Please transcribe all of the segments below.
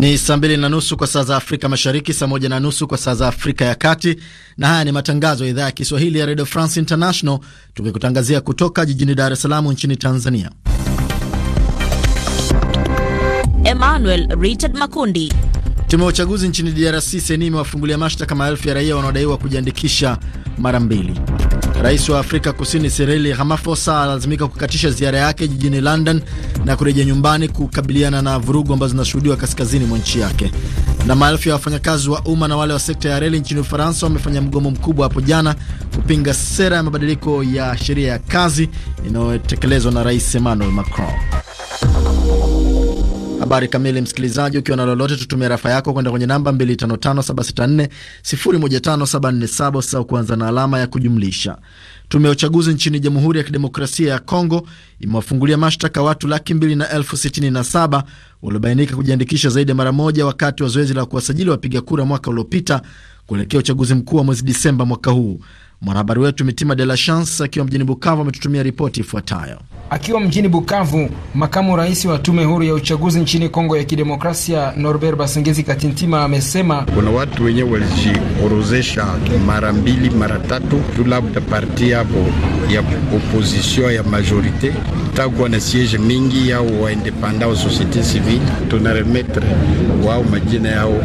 Ni saa mbili na nusu kwa saa za Afrika Mashariki, saa moja na nusu kwa saa za Afrika ya Kati, na haya ni matangazo ya idhaa ya Kiswahili ya Radio France International, tukikutangazia kutoka jijini Dar es Salaam nchini Tanzania. Emmanuel Richard Makundi. Tume ya uchaguzi nchini DRC seni imewafungulia mashtaka maelfu ya raia wanaodaiwa kujiandikisha mara mbili. Rais wa Afrika Kusini Cyril Ramaphosa alazimika kukatisha ziara yake jijini London na kurejea nyumbani kukabiliana na vurugu ambazo zinashuhudiwa kaskazini mwa nchi yake. Na maelfu ya wafanyakazi wa umma na wale wa sekta ya reli nchini Ufaransa wamefanya mgomo mkubwa hapo jana kupinga sera ya mabadiliko ya sheria ya kazi inayotekelezwa na Rais Emmanuel Macron. Habari kamili, msikilizaji, ukiwa na lolote, tutumia rafa yako kwenda kwenye namba 255764015747 usisahau kuanza na alama ya kujumlisha. Tume ya uchaguzi nchini Jamhuri ya Kidemokrasia ya Kongo imewafungulia mashtaka watu laki mbili na elfu sitini na saba waliobainika kujiandikisha zaidi ya mara moja wakati wa zoezi la kuwasajili wapiga kura mwaka uliopita kuelekea uchaguzi mkuu wa mwezi Disemba mwaka huu. Mwanahabari wetu Mitima De La Chance akiwa mjini Bukavu ametutumia ripoti ifuatayo. Akiwa mjini Bukavu, makamu rais wa tume huru ya uchaguzi nchini Kongo ya Kidemokrasia, Norbert Basengezi Katintima, amesema kuna watu wenyewe walijiorozesha mara mbili mara tatu tu, labda parti yapo ya opposition ya majorite takuwa na siege mingi yao waindepanda wa societe civile, tunaremetre wao majina yao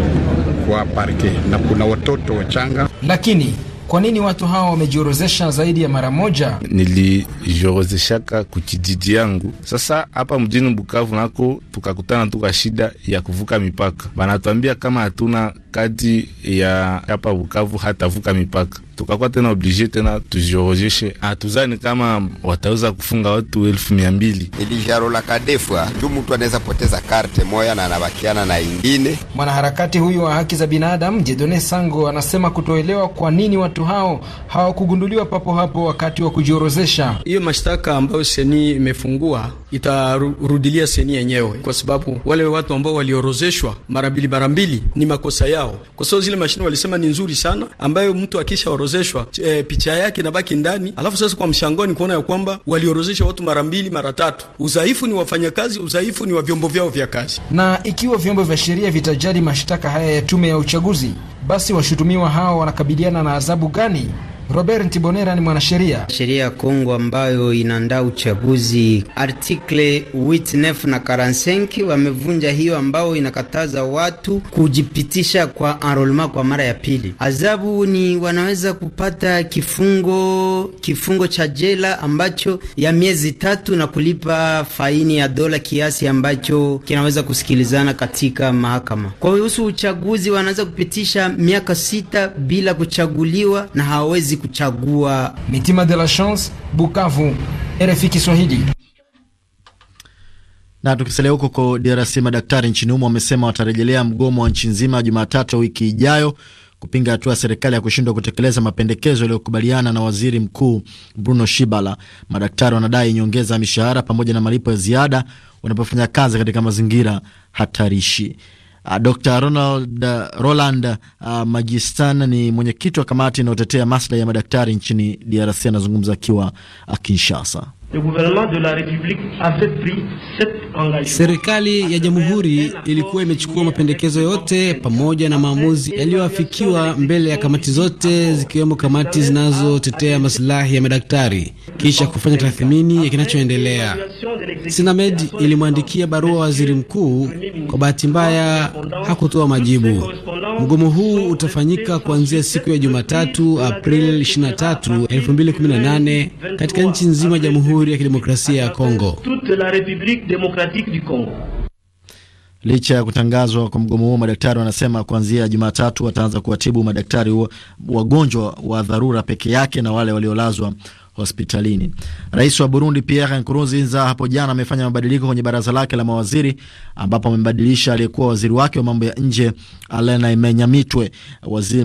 kwa parke na kuna watoto wachanga lakini kwa nini watu hawa wamejiorozesha zaidi ya mara moja? Nilijiorozeshaka kukijiji yangu, sasa hapa mjini Bukavu nako tukakutana tuka shida ya kuvuka mipaka, banatuambia kama hatuna kadi ya hapa Bukavu hatavuka mipaka tukakuwa tena oblige tena tujiorozeshe, atuzani kama wataweza kufunga watu elfu mia mbili ilijaro la kadefwa juu mtu anaweza poteza karte moya na anabakiana na ingine. Mwanaharakati huyu wa haki za binadamu Jedone Sango anasema kutoelewa kwa nini watu hao hawakugunduliwa papo hapo wakati wa kujiorozesha. Hiyo mashtaka ambayo seni imefungua itarudilia seni yenyewe, kwa sababu wale watu ambao waliorozeshwa mara mbili mara mbili ni makosa yao, kwa sababu zile mashine walisema ni nzuri sana, ambayo mtu akishaorozeshwa e, picha yake inabaki ndani. Alafu sasa kwa mshangoni kuona ya kwamba waliorozesha watu mara mbili mara tatu. Udhaifu ni wafanyakazi, udhaifu ni wa vyombo vyao vya kazi. Na ikiwa vyombo vya sheria vitajali mashtaka haya ya tume ya uchaguzi, basi washutumiwa hao wanakabiliana na adhabu gani? Robert Ntibonera ni mwanasheria. Sheria ya Kongo ambayo inaandaa uchaguzi artikle 89 na 45 wamevunja hiyo, ambao inakataza watu kujipitisha kwa enrollment kwa mara ya pili. Adhabu ni wanaweza kupata kifungo kifungo cha jela ambacho ya miezi tatu na kulipa faini ya dola kiasi ambacho kinaweza kusikilizana katika mahakama. Kwa kuhusu uchaguzi, wanaweza kupitisha miaka sita bila kuchaguliwa na hawawezi hawezi kuchagua. Mitima de la Chance, Bukavu, RFI Kiswahili. Na tukisalia huko kwa DRC, madaktari nchini humo wamesema watarejelea mgomo wa nchi nzima Jumatatu wiki ijayo kupinga hatua ya serikali ya kushindwa kutekeleza mapendekezo yaliyokubaliana na waziri mkuu Bruno Shibala. Madaktari wanadai nyongeza ya mishahara pamoja na malipo ya ziada wanapofanya kazi katika mazingira hatarishi. Uh, ah, Dr. Ronald uh, Roland uh, Magistan ni mwenyekiti wa kamati inayotetea maslahi ya madaktari nchini DRC, anazungumza akiwa uh, Kinshasa. Serikali ya jamhuri ilikuwa imechukua mapendekezo yote pamoja na maamuzi yaliyoafikiwa mbele ya kamati zote zikiwemo kamati zinazotetea masilahi ya madaktari, kisha kufanya tathmini ya kinachoendelea. Sinamed ilimwandikia barua waziri mkuu, kwa bahati mbaya hakutoa majibu. Mgomo huu utafanyika kuanzia siku ya Jumatatu, april 23, 2018 katika nchi nzima ya Jamhuri ya Kidemokrasia ya Kongo. Licha ya kutangazwa kwa mgomo huo, madaktari wanasema kuanzia Jumatatu wataanza kuwatibu madaktari wagonjwa wa dharura peke yake na wale waliolazwa hospitalini. Rais wa Burundi Pierre Nkurunziza hapo jana amefanya mabadiliko kwenye baraza lake la mawaziri ambapo amembadilisha aliyekuwa waziri wake wa mambo ya nje Alena Imenyamitwe.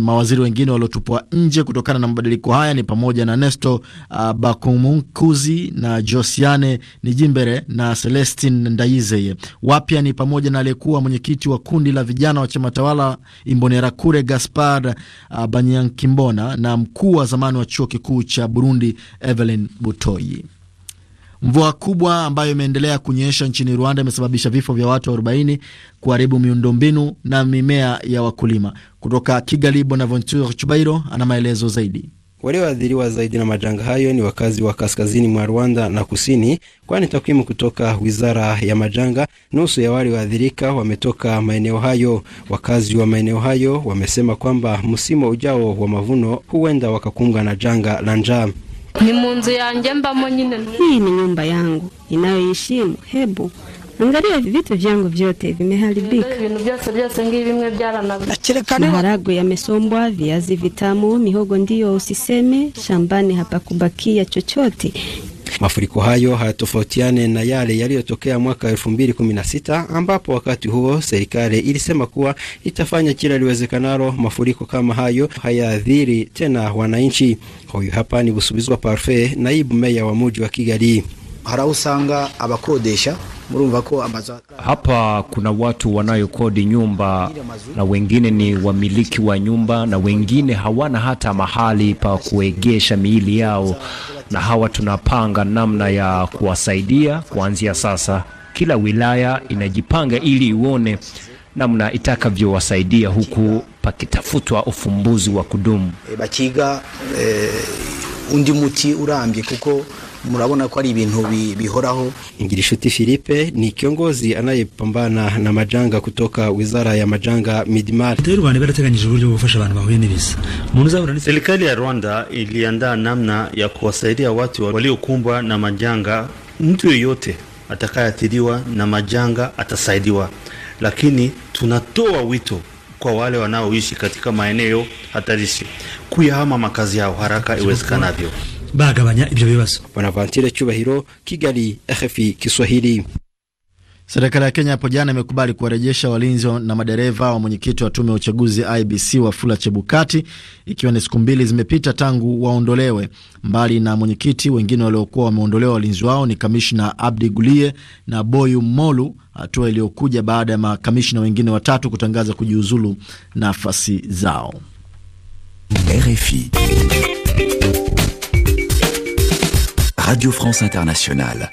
mawaziri wengine waliotupwa nje kutokana na mabadiliko haya ni pamoja na Nesto uh, Bakumunkuzi na Josiane Nijimbere na Celestin Ndayizeye. Wapya ni pamoja na aliyekuwa mwenyekiti wa kundi la vijana wa chama tawala Imbonerakure Gaspar uh, Banyankimbona na mkuu wa zamani wa chuo kikuu cha Burundi Evelyn Butoyi. Mvua kubwa ambayo imeendelea kunyesha nchini Rwanda imesababisha vifo vya watu 40, kuharibu miundombinu na mimea ya wakulima. Kutoka Kigali, Bonaventure Chubairo ana maelezo zaidi. Walioathiriwa zaidi na majanga hayo ni wakazi wa kaskazini mwa Rwanda na kusini, kwani takwimu kutoka wizara ya majanga, nusu ya walioathirika wametoka maeneo hayo. Wakazi wa maeneo hayo wamesema kwamba msimu ujao wa mavuno huenda wakakumbwa na janga la njaa ni munzu nzu mbamo nyine hii ni nyumba yangu inayoheshimu hebu angalia vitu vyangu vyote vimeharibika maharagwe yamesombwa viazi vitamu mihogo ndiyo usiseme shambani hapakubakia chochote Mafuriko hayo hayatofautiane na yale yaliyotokea mwaka 2016 ambapo wakati huo serikali ilisema kuwa itafanya kila liwezekanalo mafuriko kama hayo hayaadhiri tena wananchi. Huyu hapa ni Busubizwa Parfait, naibu meya wa muji wa Kigali. Harausanga abakodesha hapa kuna watu wanayokodi nyumba na wengine ni wamiliki wa nyumba na wengine hawana hata mahali pa kuegesha miili yao na hawa tunapanga namna ya kuwasaidia kuanzia sasa. Kila wilaya inajipanga ili ione namna itakavyowasaidia huku pakitafutwa ufumbuzi wa kudumu eh, bakiga e, undi muti urambye kuko murabona ko ari ibintu bihoraho. Ingirishuti Philippe ni kiongozi anayepambana na majanga kutoka Wizara ya Majanga Midmar. rwanda uburyo bwo gufasha abantu bahuye ni Serikali ya Rwanda iliandaa namna ya kuwasaidia watu waliokumbwa na majanga. Mtu yeyote atakayeathiriwa na majanga atasaidiwa, lakini tunatoa wito kwa wale wanaoishi katika maeneo hatarishi kuyahama makazi yao haraka iwezekanavyo bagabanya ibyo bibazo Bonaventure Cyubahiro Kigali RFI Kiswahili Serikali ya Kenya hapo jana imekubali kuwarejesha walinzi na madereva wa mwenyekiti wa tume ya uchaguzi IBC Wafula Chebukati, ikiwa ni siku mbili zimepita tangu waondolewe. Mbali na mwenyekiti, wengine waliokuwa wameondolewa walinzi wao ni kamishna Abdi Gulie na Boyu Molu, hatua iliyokuja baada ya makamishna wengine watatu kutangaza kujiuzulu nafasi zao. RFI. Radio France Internationale.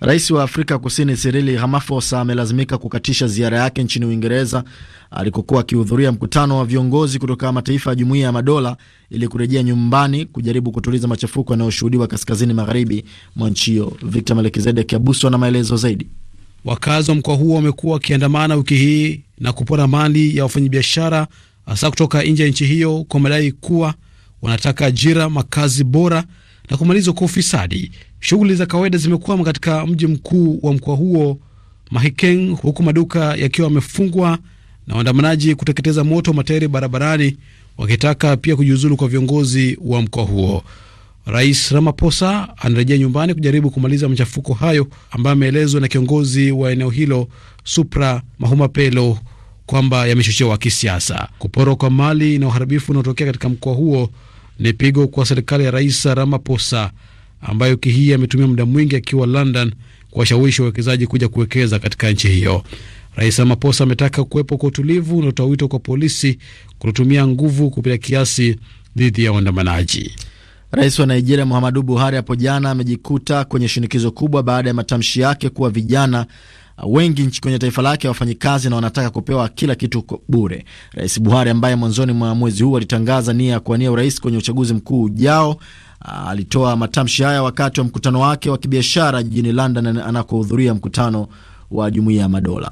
Rais wa Afrika Kusini Cyril Ramaphosa amelazimika kukatisha ziara yake nchini Uingereza alikokuwa akihudhuria mkutano wa viongozi kutoka mataifa ya Jumuiya ya Madola ili kurejea nyumbani kujaribu kutuliza machafuko yanayoshuhudiwa kaskazini magharibi mwa nchi hiyo. Victor melkizedek Abuswa na maelezo zaidi. Wakazi wa mkoa huo wamekuwa wakiandamana wiki hii na kupora mali ya wafanyabiashara hasa kutoka nje ya nchi hiyo kwa madai kuwa wanataka ajira, makazi bora na kumalizwa kwa ufisadi. Shughuli za kawaida zimekwama katika mji mkuu wa mkoa huo Mahikeng, huku maduka yakiwa yamefungwa na waandamanaji kuteketeza moto matairi barabarani, wakitaka pia kujiuzulu kwa viongozi wa mkoa huo. Rais Ramaphosa anarejea nyumbani kujaribu kumaliza machafuko hayo ambayo ameelezwa na kiongozi wa eneo hilo Supra Mahumapelo kwamba yamechochewa kisiasa. Kuporwa kwa mali na uharibifu unaotokea katika mkoa huo ni pigo kwa serikali ya Rais Ramaphosa ambayo wiki hii ametumia muda mwingi akiwa London kuwashawishi wawekezaji kuja kuwekeza katika nchi hiyo. Rais Ramaphosa ametaka kuwepo kwa utulivu na utoa wito kwa polisi kutotumia nguvu kupita kiasi dhidi ya waandamanaji. Rais wa Nigeria Muhammadu Buhari hapo jana amejikuta kwenye shinikizo kubwa baada ya matamshi yake kuwa vijana Uh, wengi kwenye taifa lake wafanyi kazi na wanataka kupewa kila kitu bure. Rais Buhari ambaye mwanzoni mwa mwezi huu alitangaza nia ya kuwania urais kwenye uchaguzi mkuu ujao uh, alitoa matamshi haya wakati wa mkutano wake wa kibiashara jijini London anakohudhuria mkutano wa Jumuiya ya Madola.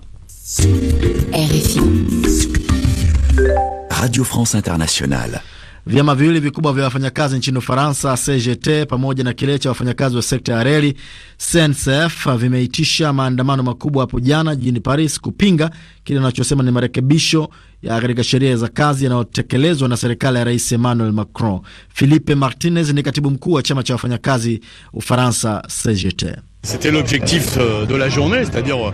Radio France Internationale Vyama viwili vikubwa vya wafanyakazi nchini Ufaransa, CGT pamoja na kile cha wafanyakazi wa sekta ya reli SNCF, vimeitisha maandamano makubwa hapo jana jijini Paris kupinga kile anachosema ni marekebisho ya katika sheria za kazi yanayotekelezwa na serikali ya Rais Emmanuel Macron. Philippe Martinez ni katibu mkuu wa chama cha wafanyakazi Ufaransa, CGT. Euh, euh,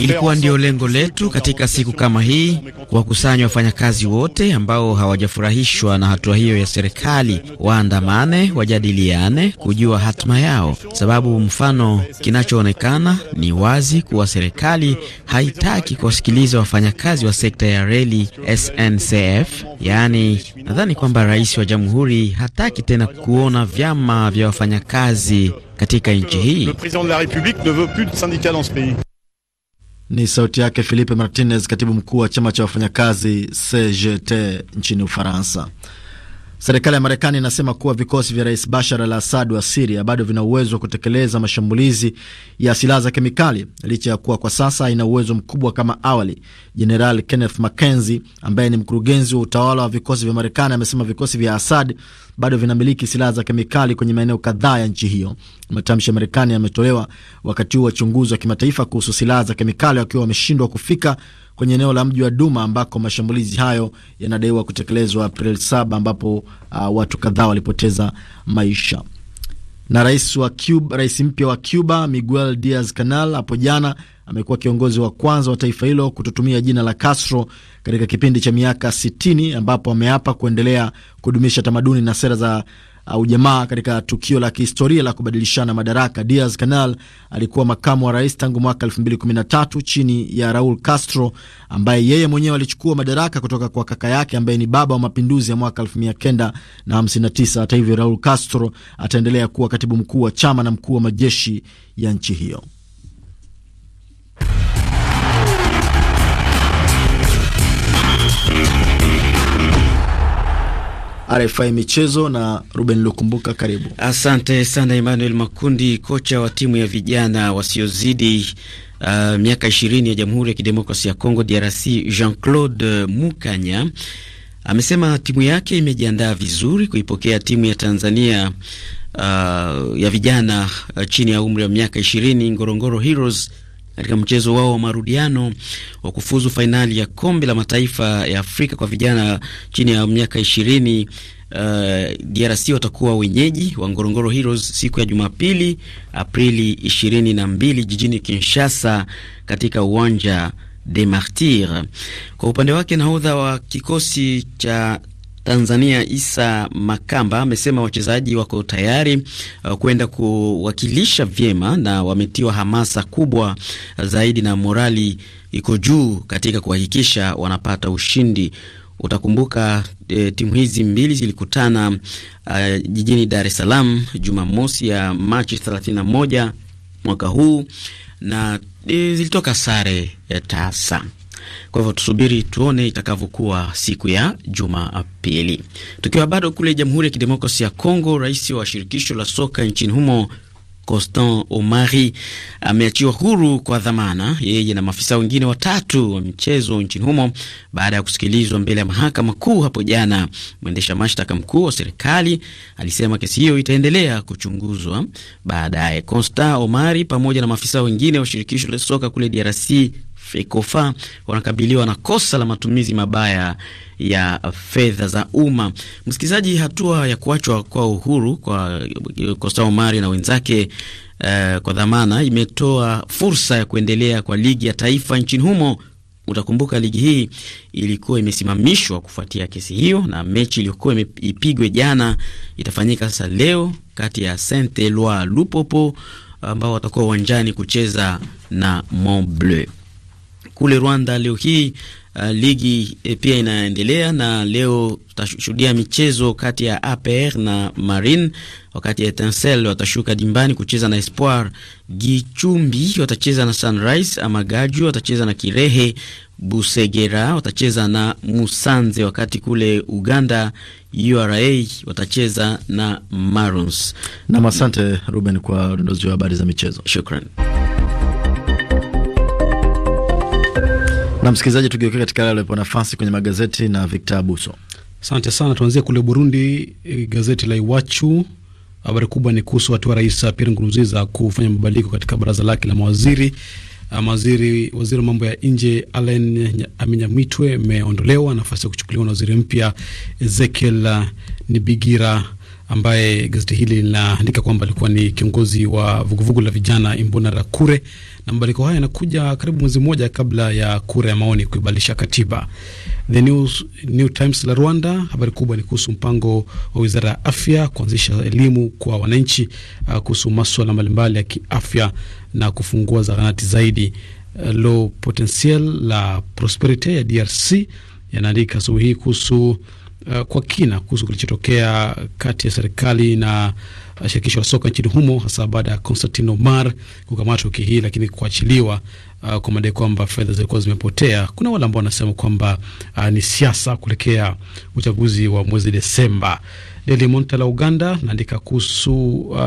Ilikuwa ndio lengo letu katika siku kama hii, kuwakusanya wafanyakazi wote ambao hawajafurahishwa na hatua hiyo ya serikali, waandamane, wajadiliane, kujua hatima yao, sababu mfano, kinachoonekana ni wazi kuwa serikali haitaki kuwasikiliza wafanyakazi wa sekta ya reli SNCF. Yaani, nadhani kwamba rais wa jamhuri hataki tena kuona vyama vya wafanyakazi katika nchi hii. Le president de la republique ne veut plus de syndicats dans ce pays. Ni sauti yake Philippe Martinez, katibu mkuu wa chama cha wafanyakazi CGT nchini Ufaransa. Serikali ya Marekani inasema kuwa vikosi vya rais Bashar al Assad wa Siria bado vina uwezo wa kutekeleza mashambulizi ya silaha za kemikali licha ya kuwa kwa sasa haina uwezo mkubwa kama awali. Jeneral Kenneth McKenzie ambaye ni mkurugenzi wa utawala wa vikosi vya Marekani amesema vikosi vya Assad bado vinamiliki silaha za kemikali kwenye maeneo kadhaa ya nchi hiyo. Matamshi ya Marekani yametolewa wakati huu wachunguzi wa kimataifa kuhusu silaha za kemikali wakiwa wameshindwa kufika kwenye eneo la mji wa Duma ambako mashambulizi hayo yanadaiwa kutekelezwa Aprili 7 ambapo uh, watu kadhaa walipoteza maisha. Na rais wa Cuba, rais mpya wa Cuba Miguel Diaz Canal hapo jana amekuwa kiongozi wa kwanza wa taifa hilo kutotumia jina la Castro katika kipindi cha miaka 60 ambapo ameapa kuendelea kudumisha tamaduni na sera za au jamaa katika tukio la kihistoria la kubadilishana madaraka. Diaz Canal alikuwa makamu wa rais tangu mwaka 2013 chini ya Raul Castro, ambaye yeye mwenyewe alichukua madaraka kutoka kwa kaka yake ambaye ni baba wa mapinduzi ya mwaka 1959. Hata hivyo, Raul Castro ataendelea kuwa katibu mkuu wa chama na mkuu wa majeshi ya nchi hiyo. RFI Michezo na Ruben Lukumbuka. Karibu. Asante sana Emmanuel Makundi, kocha wa timu ya vijana wasiozidi uh, miaka ishirini ya Jamhuri ya Kidemokrasia ya Kongo DRC, Jean-Claude Mukanya amesema timu yake imejiandaa vizuri kuipokea timu ya Tanzania uh, ya vijana uh, chini ya umri wa miaka ishirini Ngorongoro Heroes katika mchezo wao wa marudiano wa kufuzu fainali ya kombe la mataifa ya Afrika kwa vijana chini ya miaka ishirini. Uh, DRC watakuwa wenyeji wa Ngorongoro Heroes siku ya Jumapili Aprili 22 jijini Kinshasa katika uwanja de Martir. Kwa upande wake nahodha wa kikosi cha Tanzania Isa Makamba amesema wachezaji wako tayari uh, kwenda kuwakilisha vyema na wametiwa hamasa kubwa zaidi na morali iko juu katika kuhakikisha wanapata ushindi. Utakumbuka e, timu hizi mbili zilikutana uh, jijini Dar es Salaam Jumamosi ya Machi 31 mwaka huu na e, zilitoka sare ya tasa. Kwa hivyo tusubiri tuone itakavyokuwa siku ya Jumapili. Tukiwa bado kule Jamhuri ya Kidemokrasi ya Kongo, rais wa shirikisho la soka nchini humo Constant Omari ameachiwa huru kwa dhamana, yeye na maafisa wengine watatu wa michezo nchini humo baada ya kusikilizwa mbele ya mahakama kuu hapo jana. Mwendesha mashtaka mkuu wa serikali alisema kesi hiyo itaendelea kuchunguzwa baadaye. Constant Omari pamoja na maafisa wengine wa shirikisho la soka kule DRC Ecofa wanakabiliwa na kosa la matumizi mabaya ya fedha za umma. Msikilizaji, hatua ya kuachwa kwa uhuru kwa Costa Omari na wenzake uh, kwa dhamana imetoa fursa ya kuendelea kwa ligi ya taifa nchini humo. Utakumbuka ligi hii ilikuwa imesimamishwa kufuatia kesi hiyo, na mechi iliyokuwa ipigwe jana itafanyika sasa leo kati ya Saint Eloi Lupopo ambao watakuwa uwanjani kucheza na Mont Bleu kule Rwanda leo hii uh, ligi e, pia inaendelea na leo tutashuhudia michezo kati ya APR na Marine, wakati Etincelle watashuka dimbani kucheza na Espoir, Gichumbi watacheza na Sunrise, Amagaju watacheza na Kirehe, Busegera watacheza na Musanze, wakati kule Uganda URA watacheza na Maroons. Na asante Ruben kwa udondozi wa habari za michezo. Shukran. Na msikilizaji, tugeukia katika yale aliyopewa nafasi kwenye magazeti na Victor Abuso. Asante sana. Tuanzie kule Burundi, e, gazeti la Iwachu habari kubwa ni kuhusu hatua Rais Pierre Nkurunziza kufanya mabadiliko katika baraza lake la mawaziri. Ah, mawaziri, waziri wa mambo ya nje Alain Aminyamitwe ameondolewa, nafasi ya kuchukuliwa na waziri mpya Ezekiel Nibigira ambaye gazeti hili linaandika kwamba alikuwa ni kiongozi wa vuguvugu la vijana Imbonerakure na mabadiliko haya yanakuja karibu mwezi mmoja kabla ya kura ya maoni kuibadilisha katiba. The News, New Times la Rwanda, habari kubwa ni kuhusu mpango wa wizara ya afya kuanzisha elimu kwa wananchi uh, kuhusu maswala mbalimbali ya kiafya na kufungua zahanati zaidi. Uh, Lo Potentiel la Prosperite ya DRC yanaandika asubuhi hii kuhusu uh, kwa kina kuhusu kilichotokea kati ya serikali na shirikisho la soka nchini humo, hasa baada ya Constantine Omar kukamatwa wiki hii, lakini kuachiliwa uh, kwa madai kwamba fedha zilikuwa zimepotea. Kuna wale ambao wanasema kwamba uh, ni siasa kuelekea uchaguzi wa mwezi Desemba. Daily Monitor la Uganda naandika kuhusu uh,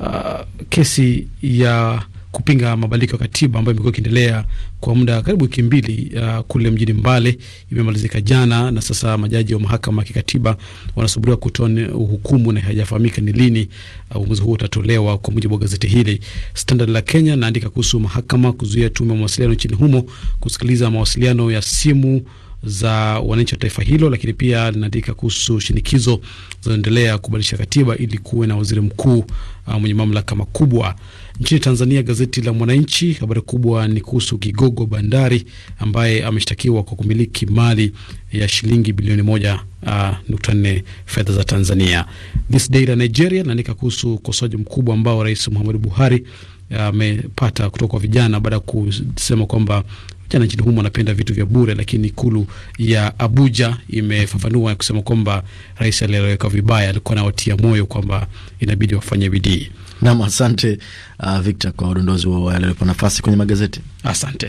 uh, kesi ya kupinga mabadiliko ya katiba ambayo imekuwa ikiendelea kwa muda karibu wiki mbili uh, kule mjini Mbale imemalizika jana, na sasa majaji wa mahakama ya kikatiba wanasubiriwa kutoa hukumu na haijafahamika ni lini uh, uamuzi uh, huo utatolewa. Kwa mujibu wa gazeti hili Standard la Kenya naandika kuhusu mahakama kuzuia tume ya mawasiliano nchini humo kusikiliza mawasiliano ya simu za wananchi wa taifa hilo, lakini pia linaandika kuhusu shinikizo zinaendelea kubadilisha katiba ili kuwe na waziri mkuu uh, mwenye mamlaka makubwa. Nchini Tanzania, gazeti la Mwananchi, habari kubwa ni kuhusu kigogo bandari ambaye ameshtakiwa kwa kumiliki mali ya shilingi bilioni moja ah, nukta nne fedha za Tanzania. This Day la Nigeria naandika kuhusu ukosoaji mkubwa ambao Rais Muhammadu Buhari ah, amepata kutoka kwa vijana baada ya kusema kwamba vijana nchini humo wanapenda vitu vya bure, lakini ikulu ya Abuja imefafanua kusema kwamba rais alieleweka vibaya, alikuwa anawatia moyo kwamba inabidi wafanye bidii. Nam, asante uh, Victor kwa udondozi wa yale nafasi kwenye magazeti. Asante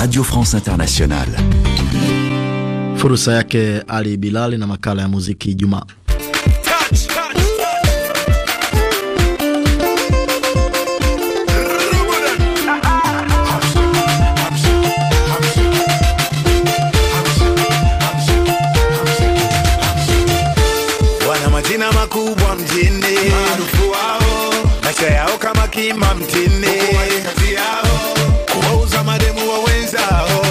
Radio France Internationale. Fursa yake Ali Bilali na makala ya muziki Ijumaa. kima mtini kuwauza mademu wa wenzao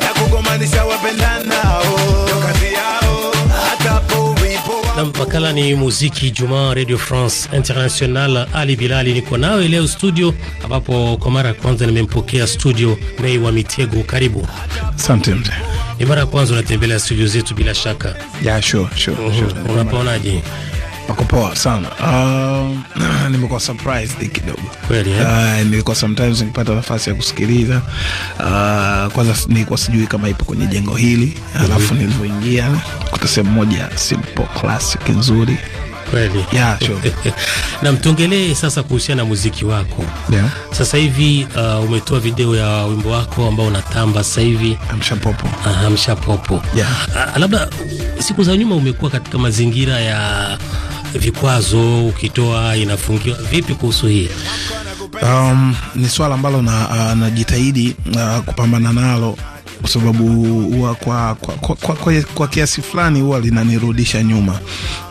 na kugomanisha wapendanao makala ni muziki Jumaa, Radio France International. Ali Bilali niko nawe leo studio, ambapo kwa mara ya kwanza nimempokea studio Mei wa Mitego. Karibu. Asante mzee. Ni mara ya kwanza unatembelea studio zetu bila shaka. Yeah, sure, sure, sure. Mm-hmm. Unapaonaje? Pako poa sana. Uh, nimekuwa surprised kidogo kweli eh? Uh, nilikuwa sometimes nikipata nafasi ya kusikiliza uh, kwanza nilikuwa sijui kama ipo kwenye jengo hili alafu mm -hmm. nilivyoingia kuta sehemu moja simple classic nzuri kweli yeah, sure. na mtongelee sasa kuhusiana na muziki wako yeah. Sasa hivi uh, umetoa video ya wimbo wako ambao unatamba sasa hivi amshapopo. Aha, amshapopo. Yeah. Uh, labda siku za nyuma umekuwa katika mazingira ya vikwazo, ukitoa inafungiwa vipi? Kuhusu hii um, ni swala ambalo najitahidi na, uh, na uh, kupambana nalo kwa sababu huwa kwa, kwa, kwa, kwa, kwa, kwa kiasi fulani huwa linanirudisha nyuma.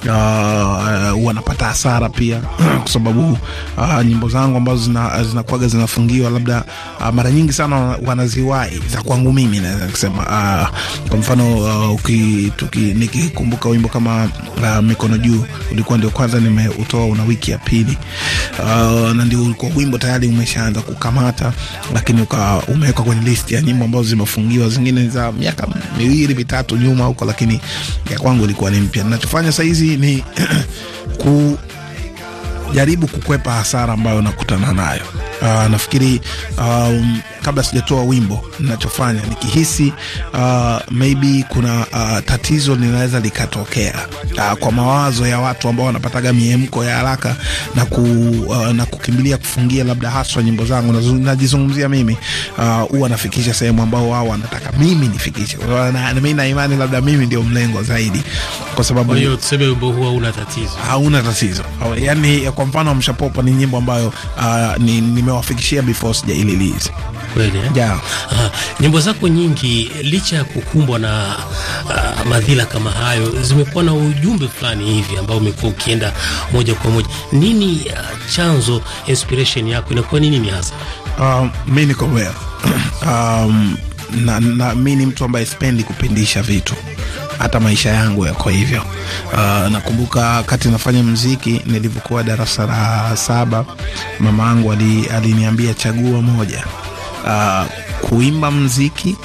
Uh, uh, napata hasara pia kwa sababu uh, nyimbo zangu ambazo zina, zinafungiwa labda uh, mara nyingi sana wanaziwai za kwangu mimi naweza kusema uh, kwa mfano uh, uki, nikikumbuka wimbo kama uh, mikono juu ulikuwa ndio kwanza nimeutoa una wiki ya pili uh, na ndio ulikuwa wimbo tayari umeshaanza kukamata, lakini umewekwa kwenye list ya nyimbo ambazo zimefungiwa najua zingine za miaka miwili mitatu nyuma huko, lakini ya kwangu ilikuwa ni mpya. Ninachofanya sahizi ni kujaribu kukwepa hasara ambayo nakutana nayo. Uh, nafikiri ah, um, kabla sijatoa wimbo ninachofanya nikihisi uh, maybe kuna uh, tatizo linaweza likatokea uh, kwa mawazo ya watu ambao wanapataga miemko ya haraka na, ku, uh, na kukimbilia kufungia labda haswa nyimbo zangu najizungumzia mimi huwa uh, nafikisha sehemu ambao wao wanataka mimi nifikishe. Mi na imani labda mimi ndio mlengo zaidi, kwa sababu hiyo tuseme wimbo huu hauna tatizo, hauna tatizo. Yani, kwa mfano Mshapopo ni nyimbo ambayo uh, ni, ni umewafikishia before sijaililizi kweli yeah. Eh? Nyimbo zako nyingi licha ya kukumbwa na uh, madhila kama hayo zimekuwa na ujumbe fulani hivi ambao umekuwa ukienda moja kwa moja. Nini uh, chanzo inspiration yako inakuwa nini ni hasa? Um, mi niko um, na, na mi ni mtu ambaye spendi kupindisha vitu hata maisha yangu yako hivyo. Uh, nakumbuka wakati nafanya mziki nilivyokuwa darasa la saba, mama yangu aliniambia ali chagua moja, uh, kuimba mziki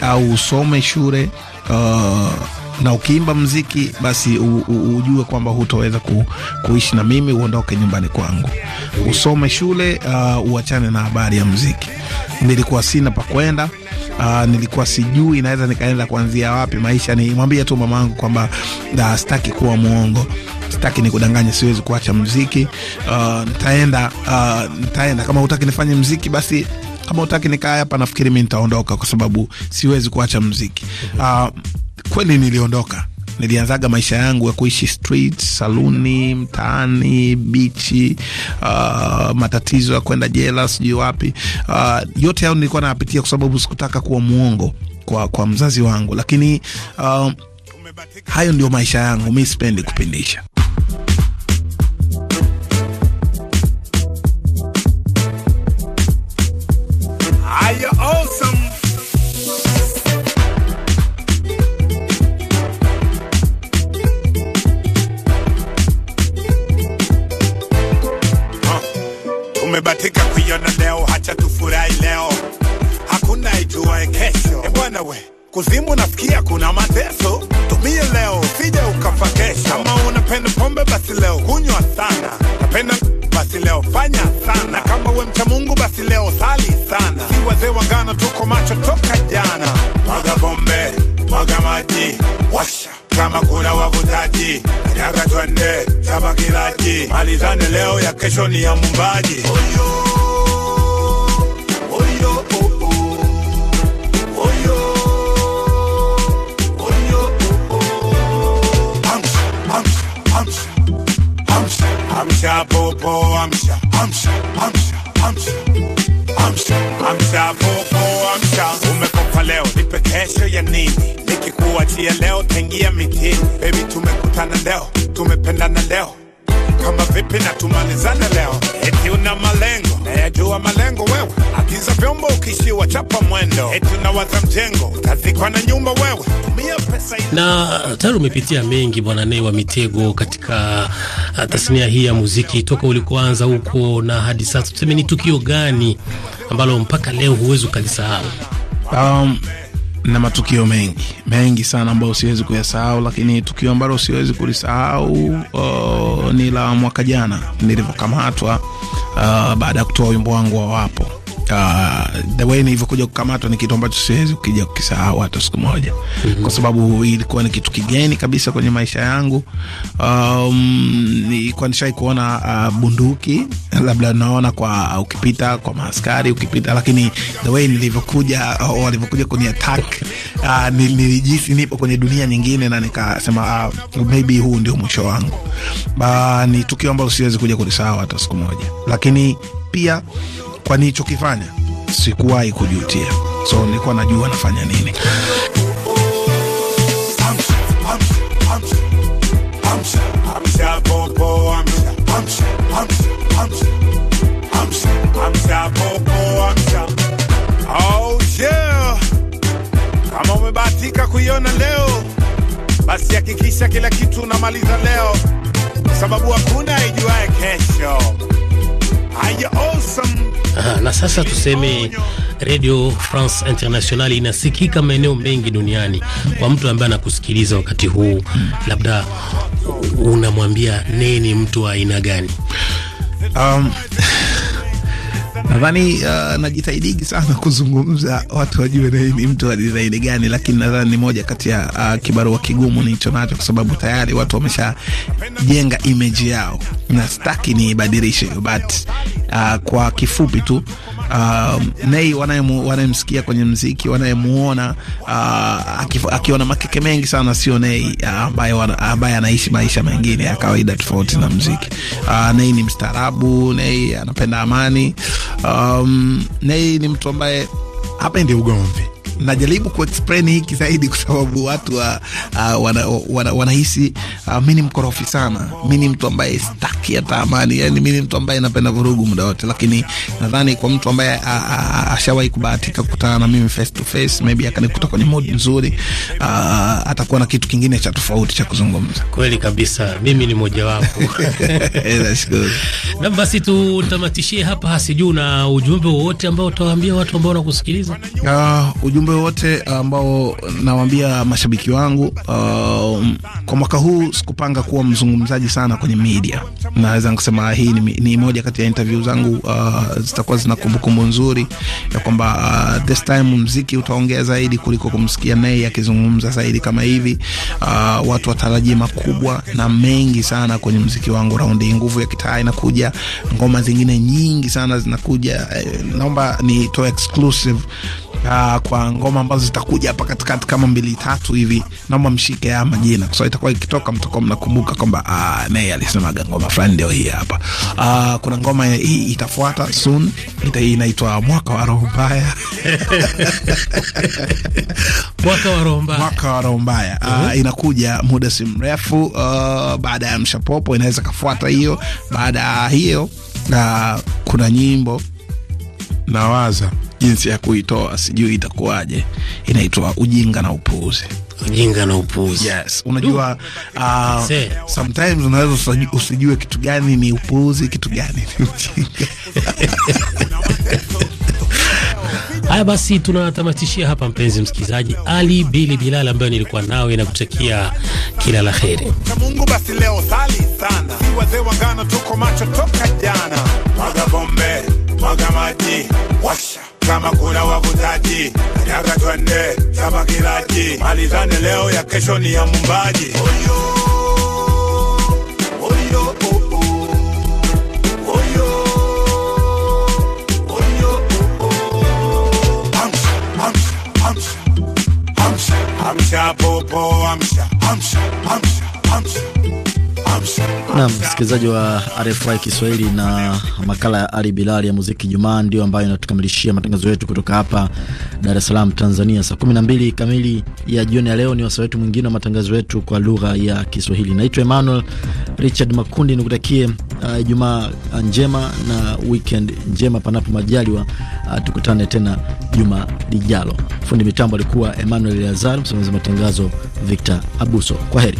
au usome shule uh, na ukiimba mziki basi u, u, ujue kwamba hutoweza ku, kuishi na mimi, uondoke nyumbani kwangu, usome shule uh, uachane na habari ya mziki. Nilikuwa sina pa kwenda uh, nilikuwa sijui naweza nikaenda kuanzia wapi maisha. Nimwambia tu mamangu kwamba ah, sitaki kuwa mwongo, sitaki nikudanganya, siwezi kuacha mziki. Uh, ah, nitaenda uh, ntaenda kama utaki nifanye mziki basi kama utaki nikaa hapa, nafikiri mi nitaondoka kwa sababu siwezi kuacha mziki. Uh, kweli niliondoka nilianzaga maisha yangu ya kuishi street, saluni, mtaani, bichi, uh, matatizo ya kwenda jela, sijui wapi. Uh, yote hayo nilikuwa nayapitia kwa sababu sikutaka kuwa mwongo kwa, kwa mzazi wangu, lakini uh, hayo ndio maisha yangu, mi sipendi kupindisha. Kuzimu nafikia kuna mateso, tumie leo sija ukafa kesho. Kama unapenda pombe basi leo kunywa sana, napenda basi leo fanya sana, kama we mcha Mungu basi leo sali sana. Si wazee wangana, tuko macho toka jana. Mwaga pombe, mwaga maji, washa kama kuna wavutaji, kanyaga twende, chapa kilaji, malizane leo ya kesho ni ya mumbaji. oh, amsha voko amsha, umekopa leo nipe kesho ya nini? Nikikuachia leo tengia mitini. Baby, tumekutana leo, tumependana leo, kama vipi na tumalizane leo? Eti una malengo, nayajua malengo na uh, tayari umepitia mengi bwana Nay wa Mitego katika uh, tasnia hii ya muziki, toka ulikoanza huko na hadi sasa, tuseme ni tukio gani ambalo mpaka leo huwezi ukalisahau? Um, na matukio mengi mengi sana ambayo siwezi kuyasahau, lakini tukio ambalo siwezi kulisahau uh, ni la mwaka jana nilivyokamatwa uh, baada ya kutoa wimbo wangu wa wapo Ah, the way nilivyokuja kukamatwa ni kitu ambacho siwezi kija kukisahau hata siku moja mm -hmm. kwa sababu ilikuwa ni kitu kigeni kabisa kwenye maisha yangu. Um, nilikuwa nishai kuona uh, bunduki labda naona kwa ah, ukipita kwa maaskari ukipita, lakini the way nilivyokuja uh, walivyokuja kuni attack uh, nilijisi nipo kwenye dunia nyingine na nikasema uh, maybe huu ndio mwisho wangu. Uh, ni tukio ambalo siwezi kuja kulisahau hata siku moja, lakini pia kwa nilichokifanya sikuwahi kujutia, so nilikuwa najua nafanya nini. Oh, yeah. Kama umebahatika kuiona leo, basi hakikisha kila kitu unamaliza leo, kwa sababu hakuna ijuaye kesho. Are you awesome? na sasa tuseme Radio France International inasikika maeneo mengi duniani. Kwa mtu ambaye anakusikiliza wakati huu, labda unamwambia nini mtu wa aina gani? um, Nadhani uh, najitahidigi sana kuzungumza watu wajue ni mtu wa dizaini gani, lakini nadhani ni moja kati ya uh, kibarua kigumu nicho nacho, kwa sababu tayari watu wameshajenga imeji yao na staki niibadilishe, but uh, kwa kifupi tu uh, wanayemsikia kwenye mziki wanayemwona uh, akiona makeke mengi sana sio uh, nei ambaye anaishi maisha mengine ya kawaida tofauti na mziki. Uh, ni mstaarabu, nei anapenda amani. Um, Nei ni mtu ambaye hapendi ugomvi najaribu kuexplain hiki zaidi kwa sababu watu wa, uh, wanahisi wana, wana uh, mi ni mkorofi sana, mi ni mtu ambaye staki hata amani, yani mi ni mtu ambaye napenda vurugu muda wote, lakini nadhani kwa mtu ambaye uh, uh, ashawahi kubahatika kukutana na mimi face to face, maybe akanikuta kwenye mood nzuri, uh, atakuwa na kitu kingine cha tofauti cha kuzungumza. Kweli kabisa, mimi ni mojawapo. Nashukuru eh, na basi tutamatishie hapa. Sijui na ujumbe wowote ambao utawaambia watu ambao wanakusikiliza? Uh, ujumbe wote ambao nawaambia mashabiki wangu uh, kwa mwaka huu sikupanga kuwa mzungumzaji sana kwenye media. Naweza kusema hii ni, ni moja kati ya interview zangu uh, zitakuwa zina kumbukumbu nzuri ya kwamba uh, this time mziki utaongea zaidi kuliko kumsikia Nay akizungumza zaidi kama hivi. Uh, watu watarajia makubwa na mengi sana kwenye mziki wangu. Raundi nguvu ya kitaa inakuja, ngoma zingine nyingi sana zinakuja. Eh, naomba nitoe exclusive uh, kwa ngoma ambazo zitakuja hapa katikati kama mbili tatu hivi, naomba mshike haya majina kwa sababu itakuwa ikitoka mtakuwa mnakumbuka kwamba ah, naye alisemaga ngoma fulani ndio hii hapa. Aa, ah, kuna ngoma hii itafuata soon, ita inaitwa mwaka wa roho mbaya mwaka wa roho mbaya, mwaka wa roho mbaya uh, uh-huh. inakuja muda si mrefu uh, baada ya mshapopo inaweza kafuata hiyo. Baada ya hiyo, uh, kuna nyimbo nawaza jinsi ya kuitoa sijui itakuwaje, inaitwa ujinga na upuuzi. Ujinga na upuuzi. Yes, unajua uh, uh sometimes unaweza usijue kitu gani ni upuuzi, kitu gani ni ujinga. Haya basi, tunatamatishia hapa mpenzi msikilizaji. Ali Bili Bilal ambayo nilikuwa nawe na kutakia kila la heri na Mungu. Basi leo sali sana, si wazee wangano, tuko macho toka jana, mwaga bombe, mwaga maji, washa kama kuna wavutaji nataka twende chama kilaji, malizane leo ya kesho ni ya mumbaji. Nam msikilizaji wa RFI Kiswahili na makala ya Ali Bilali ya muziki Jumaa ndio ambayo inatukamilishia matangazo yetu kutoka hapa Dar es Salaam, Tanzania. Saa 12 kamili ya jioni ya leo ni wasaa wetu mwingine wa matangazo yetu kwa lugha ya Kiswahili. Naitwa Emmanuel Richard Makundi, nikutakie uh, Jumaa njema na weekend njema, panapo majaliwa. Uh, tukutane tena juma lijalo. Fundi mitambo alikuwa Emmanuel Lazaro, msimamizi matangazo Victor Abuso. Kwa heri.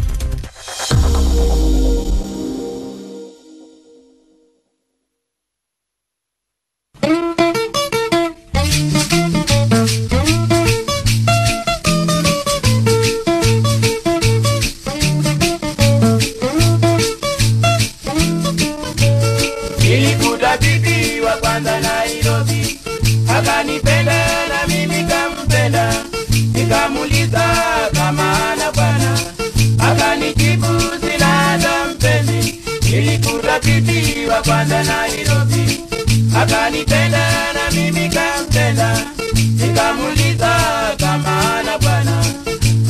kwanza Nairobi, akanipenda na mimi kampenda, nikamuliza kama ana bwana, akanijibu sina hata mpenzi, nilikurafiki wa kwanza Nairobi, akanipenda na mimi kampenda, nikamuliza kama ana bwana,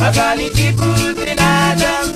akanijibu sina hata mpenzi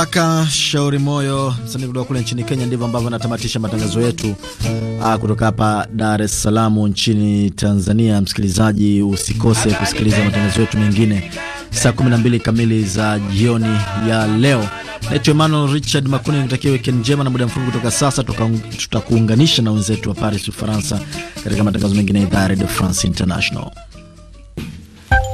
Baka shauri moyo msanii kutoka kule nchini Kenya. Ndivyo ambavyo anatamatisha matangazo yetu ah, kutoka hapa Dar es Salaam nchini Tanzania. Msikilizaji, usikose kusikiliza matangazo yetu mengine saa 12 kamili za jioni ya leo. Naitwa Emmanuel Richard Makuni, nikutakia wikendi njema, na muda mfupi kutoka sasa tutakuunganisha na wenzetu wa Paris, Ufaransa, katika matangazo mengine ya idhaa ya Radio France International.